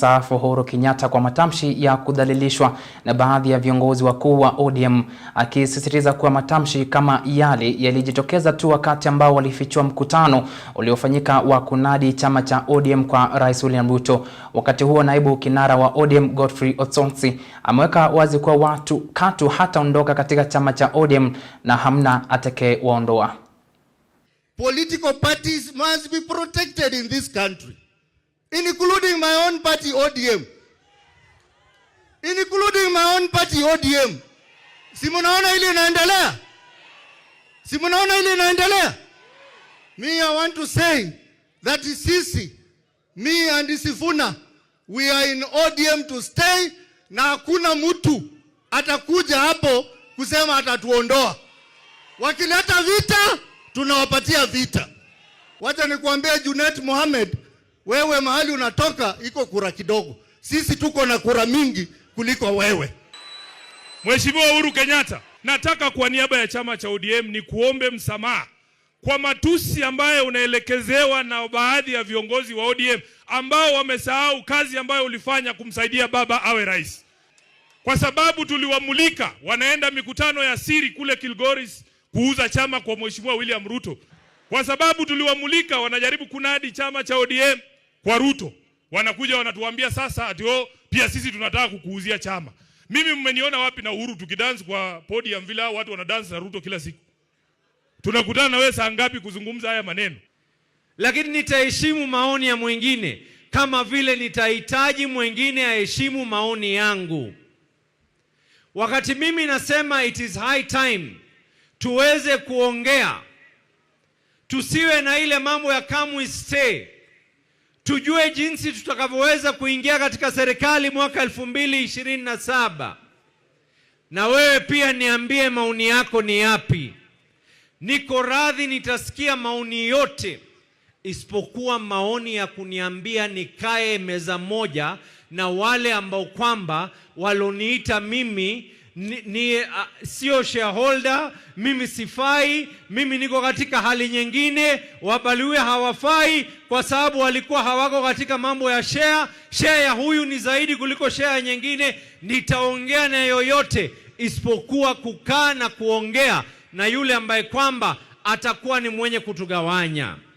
Mstaafu Uhuru Kenyatta kwa matamshi ya kudhalilishwa na baadhi ya viongozi wakuu wa ODM akisisitiza kuwa matamshi kama yale yalijitokeza tu wakati ambao walifichua mkutano uliofanyika wa kunadi chama cha ODM kwa Rais William Ruto. Wakati huo, naibu kinara wa ODM Godfrey Osonsi ameweka wazi kuwa watu katu hataondoka katika chama cha ODM na hamna atakayewaondoa. Political parties must be protected in this country including my own party ODM, including my own party ODM. Si munaona ile inaendelea? Si munaona ile inaendelea? Me, I want to say that sisi, me and Sifuna, we are in ODM to stay, na hakuna mtu atakuja hapo kusema atatuondoa. Wakileta vita, tunawapatia vita. Wacha nikwambie Junet Mohamed wewe mahali unatoka iko kura kidogo, sisi tuko na kura mingi kuliko wewe. Mheshimiwa Uhuru Kenyatta, nataka kwa niaba ya chama cha ODM ni kuombe msamaha kwa matusi ambayo unaelekezewa na baadhi ya viongozi wa ODM ambao wamesahau kazi ambayo ulifanya kumsaidia baba awe rais, kwa sababu tuliwamulika wanaenda mikutano ya siri kule Kilgoris kuuza chama kwa Mheshimiwa William Ruto, kwa sababu tuliwamulika wanajaribu kunadi chama cha ODM kwa Ruto wanakuja wanatuambia sasa ati oh, pia sisi tunataka kukuuzia chama. Mimi mmeniona wapi na Uhuru tukidance kwa podium vile watu wanadance na Ruto kila siku? Tunakutana na wewe saa ngapi kuzungumza haya maneno? Lakini nitaheshimu maoni ya mwingine kama vile nitahitaji mwingine aheshimu maoni yangu. Wakati mimi nasema it is high time tuweze kuongea, tusiwe na ile mambo ya come we stay tujue jinsi tutakavyoweza kuingia katika serikali mwaka elfu mbili ishirini na saba na wewe pia niambie maoni yako ni yapi. Niko radhi, nitasikia maoni yote isipokuwa maoni ya kuniambia nikae meza moja na wale ambao kwamba waloniita mimi ni, ni uh, sio shareholder, mimi sifai, mimi niko katika hali nyingine. wabaliwe hawafai kwa sababu walikuwa hawako katika mambo ya share. Share ya huyu ni zaidi kuliko share nyingine. Nitaongea na yoyote isipokuwa kukaa na kuongea na yule ambaye kwamba atakuwa ni mwenye kutugawanya.